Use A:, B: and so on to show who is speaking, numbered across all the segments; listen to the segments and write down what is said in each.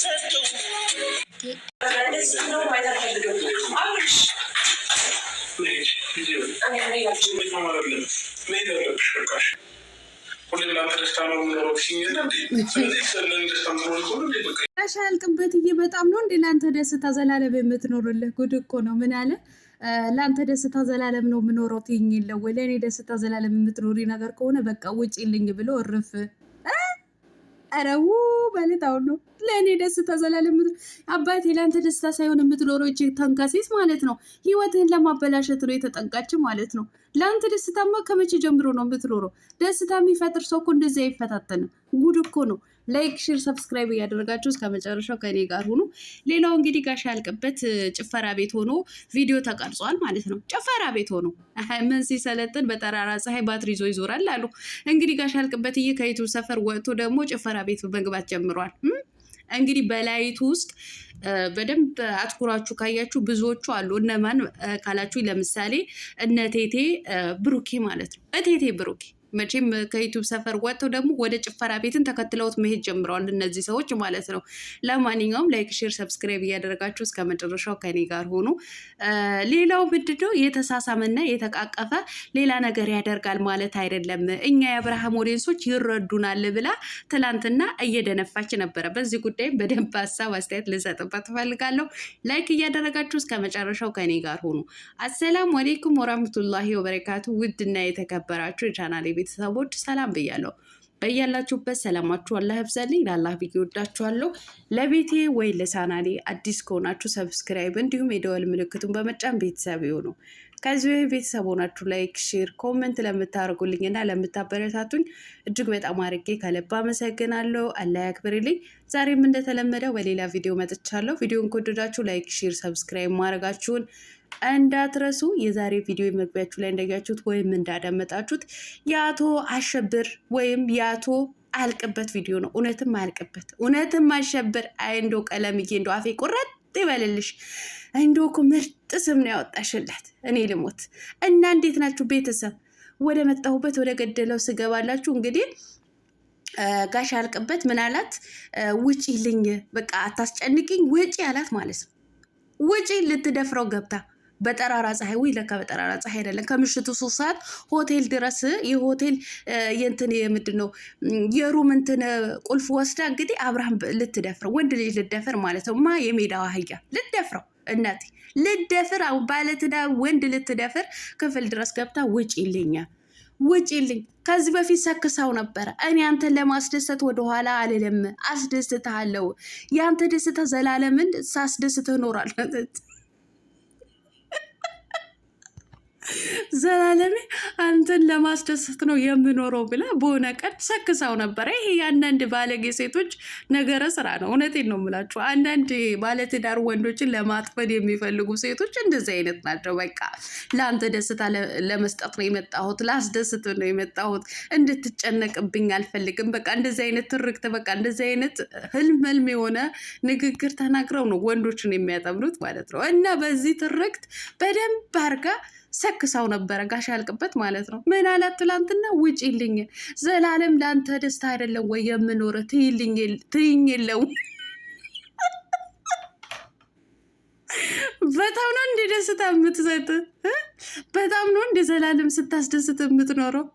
A: ሻልቅበትዬ በጣም ነው እንዴ ለአንተ ደስታ ዘላለም የምትኖርልህ? ጉድ እኮ ነው። ምን አለ ለአንተ ደስታ ዘላለም ነው የምኖረው ትይኝ የለው ወይ? ለእኔ ደስታ ዘላለም የምትኖሪ ነገር ከሆነ በቃ ውጪልኝ ብሎ እርፍ። ኧረ ው በልታው ነው ለእኔ ደስታ ዘላለም አባቴ ለአንተ ደስታ ሳይሆን የምትኖረው እጅግ ተንካሴስ ማለት ነው። ህይወትህን ለማበላሸት ነው የተጠንቃች ማለት ነው። ለአንተ ደስታማ ከመቼ ጀምሮ ነው የምትኖረው? ደስታ የሚፈጥር ሰው እኮ እንደዚህ አይፈታተንም። ጉድ እኮ ነው። ላይክ፣ ሼር፣ ሰብስክራይብ እያደረጋችሁ እስከ መጨረሻው ከኔ ጋር ሁኑ። ሌላው እንግዲህ ጋሻ ያልቅበት ጭፈራ ቤት ሆኖ ቪዲዮ ተቀርጿል ማለት ነው። ጭፈራ ቤት ሆኖ ምን ሲሰለጥን በጠራራ ፀሐይ ባትሪ ይዞ ይዞራል አሉ። እንግዲህ ጋሻ ያልቅበት ይህ ከዩቱብ ሰፈር ወጥቶ ደግሞ ጭፈራ ቤት መግባት ጀምሯል። እንግዲህ በላይቱ ውስጥ በደንብ አትኩራችሁ ካያችሁ ብዙዎቹ አሉ። እነማን ካላችሁ፣ ለምሳሌ እነ ቴቴ ብሩኬ ማለት ነው። እቴቴ ብሩኬ መቼም ከዩቱብ ሰፈር ወጥተው ደግሞ ወደ ጭፈራ ቤትን ተከትለውት መሄድ ጀምረዋል እነዚህ ሰዎች ማለት ነው። ለማንኛውም ላይክ፣ ሼር፣ ሰብስክራይብ እያደረጋችሁ እስከ መጨረሻው ከኔ ጋር ሆኑ። ሌላው ምንድነው የተሳሳመና የተቃቀፈ ሌላ ነገር ያደርጋል ማለት አይደለም። እኛ የአብርሃም ኦዲየንሶች ይረዱናል ብላ ትላንትና እየደነፋች ነበረ። በዚህ ጉዳይ በደንብ ሀሳብ አስተያየት ልሰጥበት እፈልጋለሁ። ላይክ እያደረጋችሁ እስከ መጨረሻው ከኔ ጋር ሆኑ። አሰላሙ አሌይኩም ወራህመቱላሂ ወበረካቱ ውድና የተከበራችሁ የቻናሌ ቤተሰቦች ሰላም ብያለሁ። በያላችሁበት ሰላማችሁ አላህ ያብዛልኝ። ለአላህ ብዬ ወዳችኋለሁ። ለቤቴ ወይ ለሳናሌ አዲስ ከሆናችሁ ሰብስክራይብ እንዲሁም የደወል ምልክቱን በመጫን ቤተሰብ ይሁኑ። ከዚህ ወይም ቤተሰብ ሆናችሁ ላይክ፣ ሼር፣ ኮመንት ለምታደርጉልኝ እና ለምታበረታቱኝ እጅግ በጣም አድርጌ ከልብ አመሰግናለሁ። አላህ ያክብርልኝ። ዛሬም እንደተለመደው በሌላ ቪዲዮ መጥቻለሁ። ቪዲዮን ከወደዳችሁ ላይክ፣ ሼር፣ ሰብስክራይብ ማድረጋችሁን እንዳትረሱ። የዛሬ ቪዲዮ መግቢያችሁ ላይ እንዳያችሁት ወይም እንዳዳመጣችሁት የአቶ አሸብር ወይም የአቶ አልቅበት ቪዲዮ ነው። እውነትም አልቅበት እውነትም አሸብር አይ እንደው ቀለምዬ እንደው አፌ ቁረጥ ይበልልሽ። እንዶ እኮ ምርጥ ስም ነው ያወጣሽላት። እኔ ልሞት እና እንዴት ናችሁ ቤተሰብ? ወደ መጣሁበት ወደ ገደለው ስገባላችሁ እንግዲህ ጋሽ አልቅበት ምን አላት? ውጪ ልኝ በቃ አታስጨንቅኝ ውጪ አላት ማለት ነው። ውጪ ልትደፍረው ገብታ በጠራራ ፀሐይ ወይ ለካ በጠራራ ፀሐይ አይደለም። ከምሽቱ ሶስት ሰዓት ሆቴል ድረስ የሆቴል የእንትን የምንድን ነው የሩም እንትን ቁልፍ ወስዳ እንግዲህ አብርሃም ልትደፍረው ወንድ ልጅ ልትደፍር ማለት ነው ማ የሜዳዋ አህያ ልትደፍረው እናቴ ልደፍር፣ ባለትዳ ወንድ ልትደፍር ክፍል ድረስ ገብታ ውጭ ይልኛል ውጭ ይልኝ። ከዚህ በፊት ሰክሳው ነበረ። እኔ አንተን ለማስደሰት ወደኋላ አልልም፣ አስደስትሃለው። የአንተ ደስታ ዘላለምን ሳስደስትህ እኖራለሁ። ዘላለሜ አንተን ለማስደሰት ነው የምኖረው ብላ በሆነ ቀን ሰክሳው ነበረ። ይሄ የአንዳንድ ባለጌ ሴቶች ነገረ ስራ ነው። እውነቴን ነው የምላችሁ። አንዳንድ ባለትዳር ወንዶችን ለማጥፈድ የሚፈልጉ ሴቶች እንደዚህ አይነት ናቸው። በቃ ለአንተ ደስታ ለመስጠት ነው የመጣሁት፣ ላስደስት ነው የመጣሁት፣ እንድትጨነቅብኝ አልፈልግም። በቃ እንደዚህ አይነት ትርክት፣ በቃ እንደዚህ አይነት ህልም ህልም የሆነ ንግግር ተናግረው ነው ወንዶችን የሚያጠምዱት ማለት ነው። እና በዚህ ትርክት በደንብ አርጋ ሰክሰው ነበረ ጋሽ ያልቅበት ማለት ነው። ምን አላት ትላንትና? ይልኝ ዘላለም ለአንተ ደስታ አይደለም ወይ የምኖረ ትይኝ የለው በጣም ነው እንዲ ደስታ የምትሰጥ በጣም ነው እንዲ ዘላለም ስታስደስት የምትኖረው።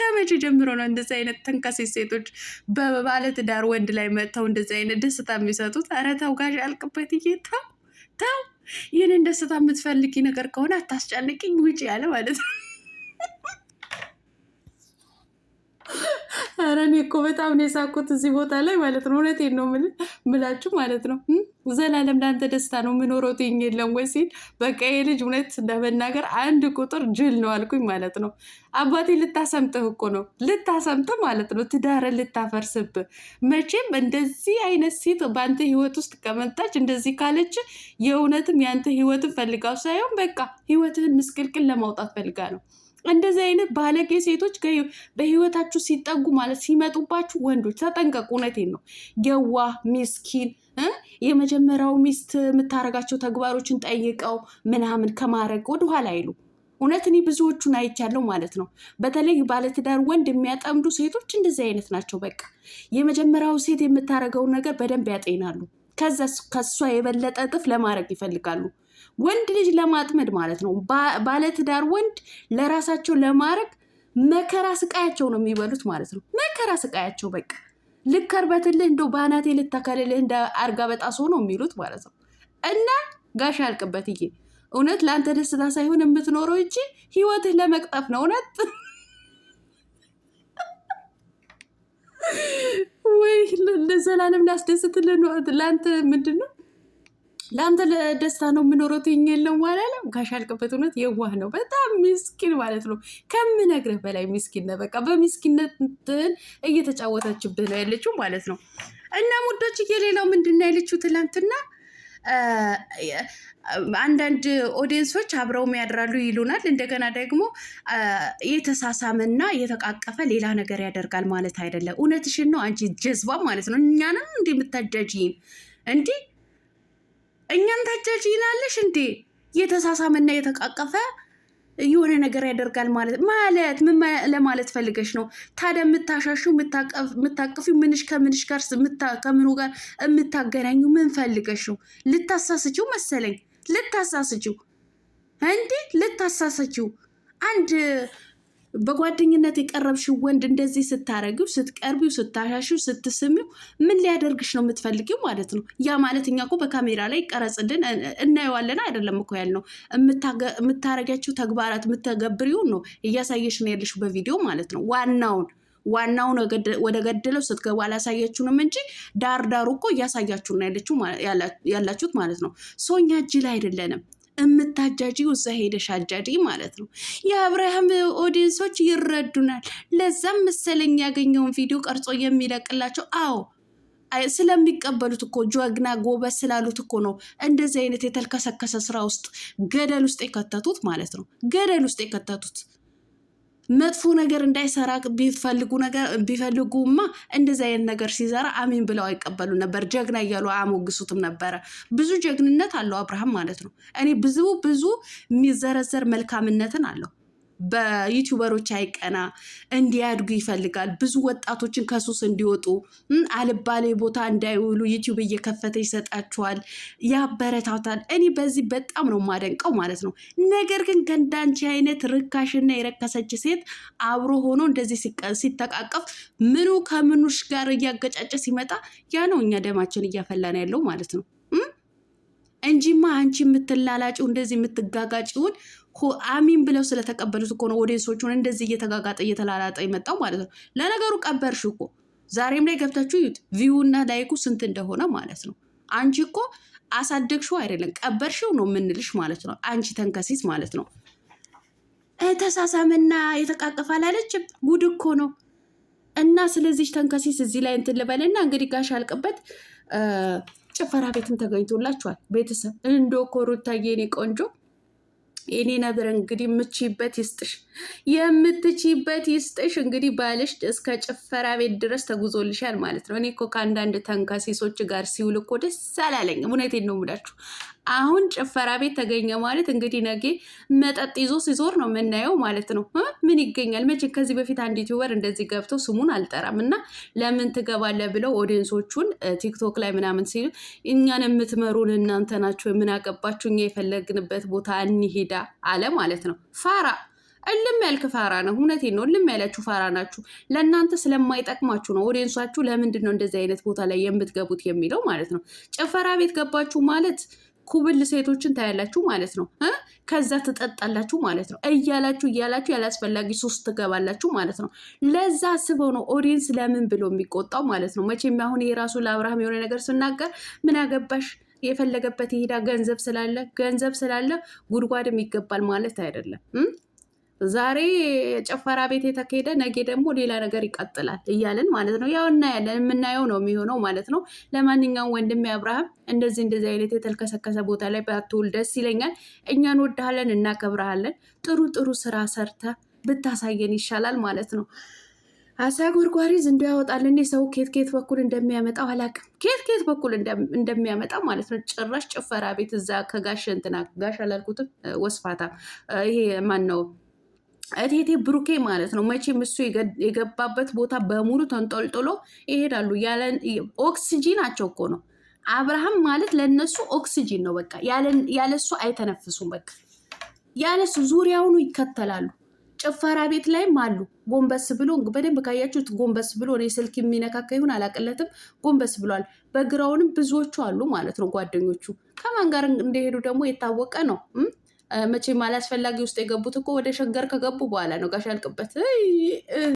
A: ከመቼ ጀምሮ ነው እንደዚህ አይነት ተንከሴት ሴቶች በባለትዳር ወንድ ላይ መጥተው እንደዚህ አይነት ደስታ የሚሰጡት? ኧረ ተው ጋሽ ያልቅበት እየተው ተው ይህንን ደስታ የምትፈልጊ ነገር ከሆነ አታስጨንቅኝ ውጭ ያለ ማለት ነው። ኧረ እኔ እኮ በጣም ነው የሳኩት እዚህ ቦታ ላይ ማለት ነው። እውነቴን ነው ምላችሁ ማለት ነው። ዘላለም ለአንተ ደስታ ነው የምኖረው ትኝ የለም ወይ ሲል በቃ የልጅ እውነት ለመናገር አንድ ቁጥር ጅል ነው አልኩኝ ማለት ነው። አባቴ ልታሰምጥህ እኮ ነው ልታሰምጥህ ማለት ነው። ትዳረ ልታፈርስብህ መቼም እንደዚህ አይነት ሴት በአንተ ህይወት ውስጥ ከመጣች እንደዚህ ካለች የእውነትም የአንተ ህይወትን ፈልጋው ሳይሆን በቃ ህይወትህን ምስቅልቅል ለማውጣት ፈልጋ ነው። እንደዚህ አይነት ባለጌ ሴቶች በህይወታችሁ ሲጠጉ ማለት ሲመጡባችሁ ወንዶች ተጠንቀቁ። እውነቴን ነው። የዋ ሚስኪን የመጀመሪያው ሚስት የምታደርጋቸው ተግባሮችን ጠይቀው ምናምን ከማድረግ ወደኋላ አይሉ። እውነት እኔ ብዙዎቹን አይቻለሁ ማለት ነው። በተለይ ባለትዳር ወንድ የሚያጠምዱ ሴቶች እንደዚህ አይነት ናቸው። በቃ የመጀመሪያው ሴት የምታደርገውን ነገር በደንብ ያጤናሉ። ከዛ ከሷ የበለጠ እጥፍ ለማድረግ ይፈልጋሉ። ወንድ ልጅ ለማጥመድ ማለት ነው። ባለትዳር ወንድ ለራሳቸው ለማድረግ መከራ ስቃያቸው ነው የሚበሉት ማለት ነው። መከራ ስቃያቸው በቃ ልከርበትልህ እንደ ባናቴ ልተከልልህ እንደ አርጋ በጣሶ ነው የሚሉት ማለት ነው። እና ጋሽ አልቅበትዬ እውነት ለአንተ ደስታ ሳይሆን የምትኖረው እንጂ ህይወትህ ለመቅጠፍ ነው እውነት ወይ ለዘላለም ላስደስትልህ ለአንተ ምንድን ነው ለአንተ ለደስታ ነው የምኖረው ትኝ የለም ዋላለ ጋሽ አልቅበት እውነት የዋህ ነው በጣም ሚስኪን ማለት ነው ከምነግርህ በላይ ሚስኪን ነህ። በቃ በሚስኪነትን እየተጫወተችብህ ነው ያለችው ማለት ነው። እና ሙዶች የሌላው ምንድን ነው ያለችው ትላንትና አንዳንድ ኦዲየንሶች አብረው ያድራሉ ይሉናል። እንደገና ደግሞ የተሳሳመና የተቃቀፈ ሌላ ነገር ያደርጋል ማለት አይደለም። እውነትሽን ነው አንቺ ጀዝባ ማለት ነው። እኛንም እንዲህ የምታጃጅይን እንዲህ እኛን ታጃጅ ይናለሽ እንዴ? የተሳሳመና የተቃቀፈ የሆነ ነገር ያደርጋል ማለት ማለት ምን ለማለት ፈልገሽ ነው ታዲያ? የምታሻሹ የምታቀፊ ምንሽ ከምንሽ ጋር ከምኑ ጋር የምታገናኙ ምን ፈልገሽ ነው? ልታሳስችው መሰለኝ ልታሳስችው እንዴ ልታሳስችው አንድ በጓደኝነት የቀረብሽው ወንድ እንደዚህ ስታረጊው፣ ስትቀርቢው፣ ስታሻሽው፣ ስትስሚው ምን ሊያደርግሽ ነው የምትፈልጊው ማለት ነው። ያ ማለት እኛ እኮ በካሜራ ላይ ቀረጽልን እናየዋለን አይደለም እኮ ያልነው። የምታረጊያቸው ተግባራት የምተገብሪውን ነው እያሳየሽ ነው ያለሽ በቪዲዮ ማለት ነው። ዋናውን ዋናውን ወደ ገደለው ስትገባ አላሳያችሁንም እንጂ ዳር ዳሩ እኮ እያሳያችሁ ያላችሁት ማለት ነው። ሰው እኛ እጅ ላይ አይደለንም። እምታጃጂ እዛ ሄደሽ አጃጂ ማለት ነው። የአብርሃም ኦዲየንሶች ይረዱናል። ለዛም መሰለኝ ያገኘውን ቪዲዮ ቀርጾ የሚለቅላቸው አዎ ስለሚቀበሉት እኮ ጀግና ጎበዝ ስላሉት እኮ ነው እንደዚህ አይነት የተልከሰከሰ ስራ ውስጥ ገደል ውስጥ የከተቱት ማለት ነው። ገደል ውስጥ የከተቱት መጥፎ ነገር እንዳይሰራ ቢፈልጉ ነገር ቢፈልጉማ እንደዚህ አይነት ነገር ሲሰራ አሜን ብለው አይቀበሉ ነበር። ጀግና እያሉ አያሞግሱትም ነበረ። ብዙ ጀግንነት አለው አብርሃም ማለት ነው። እኔ ብዙ ብዙ የሚዘረዘር መልካምነትን አለው። በዩቲዩበሮች አይቀና፣ እንዲያድጉ ይፈልጋል። ብዙ ወጣቶችን ከሱስ እንዲወጡ አልባሌ ቦታ እንዳይውሉ ዩቲዩብ እየከፈተ ይሰጣችኋል፣ ያበረታታል። እኔ በዚህ በጣም ነው ማደንቀው ማለት ነው። ነገር ግን ከእንዳንቺ አይነት ርካሽና የረከሰች ሴት አብሮ ሆኖ እንደዚህ ሲተቃቀፍ ምኑ ከምኑሽ ጋር እያገጫጨ ሲመጣ ያ ነው እኛ ደማችን እያፈላን ያለው ማለት ነው። እንጂማ አንቺ የምትላላጭው እንደዚህ የምትጋጋጭውን አሚን ብለው ስለተቀበሉት እኮ ነው ኦዲየንሶቹን እንደዚህ እየተጋጋጠ እየተላላጠ የመጣው ማለት ነው። ለነገሩ ቀበርሽ እኮ ዛሬም ላይ ገብታችሁ ዩት ቪው እና ላይኩ ስንት እንደሆነ ማለት ነው። አንቺ እኮ አሳደግሽው አይደለም ቀበርሽው ነው የምንልሽ ማለት ነው። አንቺ ተንከሲስ ማለት ነው። ተሳሳምና የተቃቀፋል አለችም። ጉድ እኮ ነው። እና ስለዚህ ተንከሲስ እዚህ ላይ እንትን ልበልና እንግዲህ ጋሽ አልቅበት ጭፈራ ቤትም ተገኝቶላችኋል። ቤተሰብ እንዶ ኮሩታዬ የኔ ቆንጆ የኔ ነገር እንግዲህ የምችይበት ይስጥሽ፣ የምትችይበት ይስጥሽ። እንግዲህ ባልሽ እስከ ጭፈራ ቤት ድረስ ተጉዞልሻል ማለት ነው። እኔ እኮ ከአንዳንድ ተንከሲሶች ጋር ሲውል እኮ ደስ አላለኝ። እውነቴን ነው የምላችሁ አሁን ጭፈራ ቤት ተገኘ ማለት እንግዲህ ነገ መጠጥ ይዞ ሲዞር ነው የምናየው ማለት ነው። ምን ይገኛል መቼ? ከዚህ በፊት አንድ ዩቲዩበር እንደዚህ ገብቶ ስሙን አልጠራም እና ለምን ትገባለ ብለው ኦዲየንሶቹን ቲክቶክ ላይ ምናምን ሲሉ እኛን የምትመሩን እናንተ ናቸው፣ የምናገባችሁ እኛ የፈለግንበት ቦታ እንሂዳ አለ ማለት ነው። ፋራ እልም ያልክ ፋራ ነው። እውነቴን ነው። እልም ያላችሁ ፋራ ናችሁ። ለእናንተ ስለማይጠቅማችሁ ነው። ኦዲየንሳችሁ ለምንድን ነው እንደዚህ አይነት ቦታ ላይ የምትገቡት የሚለው ማለት ነው። ጭፈራ ቤት ገባችሁ ማለት ኩብል ሴቶችን ታያላችሁ ማለት ነው። ከዛ ትጠጣላችሁ ማለት ነው። እያላችሁ እያላችሁ ያላስፈላጊ ሶስት ትገባላችሁ ማለት ነው። ለዛ አስበው ነው ኦዲየንስ ለምን ብሎ የሚቆጣው ማለት ነው። መቼም አሁን የራሱ ለአብርሃም የሆነ ነገር ስናገር ምን አገባሽ የፈለገበት ይሄዳ ገንዘብ ስላለ ገንዘብ ስላለ ጉድጓድም ይገባል ማለት አይደለም። ዛሬ ጭፈራ ቤት የተካሄደ ነገ ደግሞ ሌላ ነገር ይቀጥላል እያለን ማለት ነው። ያው እናያለን፣ የምናየው ነው የሚሆነው ማለት ነው። ለማንኛውም ወንድሜ አብርሃም እንደዚህ እንደዚህ አይነት የተልከሰከሰ ቦታ ላይ ባትውል ደስ ይለኛል። እኛ እንወድሃለን፣ እናከብረሃለን። ጥሩ ጥሩ ስራ ሰርተ ብታሳየን ይሻላል ማለት ነው። አሳ ጎርጓሪ ዝንዶ ያወጣል። እንዲህ ሰው ኬት ኬት በኩል እንደሚያመጣው አላውቅም። ኬት ኬት በኩል እንደሚያመጣ ማለት ነው። ጭራሽ ጭፈራ ቤት እዛ ከጋሽ እንትና ጋሽ አላልኩትም፣ ወስፋታ ይሄ ማን ነው እቴቴ ብሩኬ ማለት ነው። መቼም እሱ የገባበት ቦታ በሙሉ ተንጠልጥሎ ይሄዳሉ። ኦክስጂናቸው እኮ ነው። አብርሃም ማለት ለእነሱ ኦክስጂን ነው። በቃ ያለሱ አይተነፍሱም። በቃ ያለሱ ዙሪያውኑ ይከተላሉ። ጭፈራ ቤት ላይም አሉ። ጎንበስ ብሎ በደንብ ካያችሁት፣ ጎንበስ ብሎ እኔ ስልክ የሚነካካ ይሁን አላቅለትም፣ ጎንበስ ብሏል። በግራውንም ብዙዎቹ አሉ ማለት ነው ጓደኞቹ። ከማን ጋር እንደሄዱ ደግሞ የታወቀ ነው። መቼም አላስፈላጊ ውስጥ የገቡት እኮ ወደ ሸገር ከገቡ በኋላ ነው። ጋሽ ያልቅበት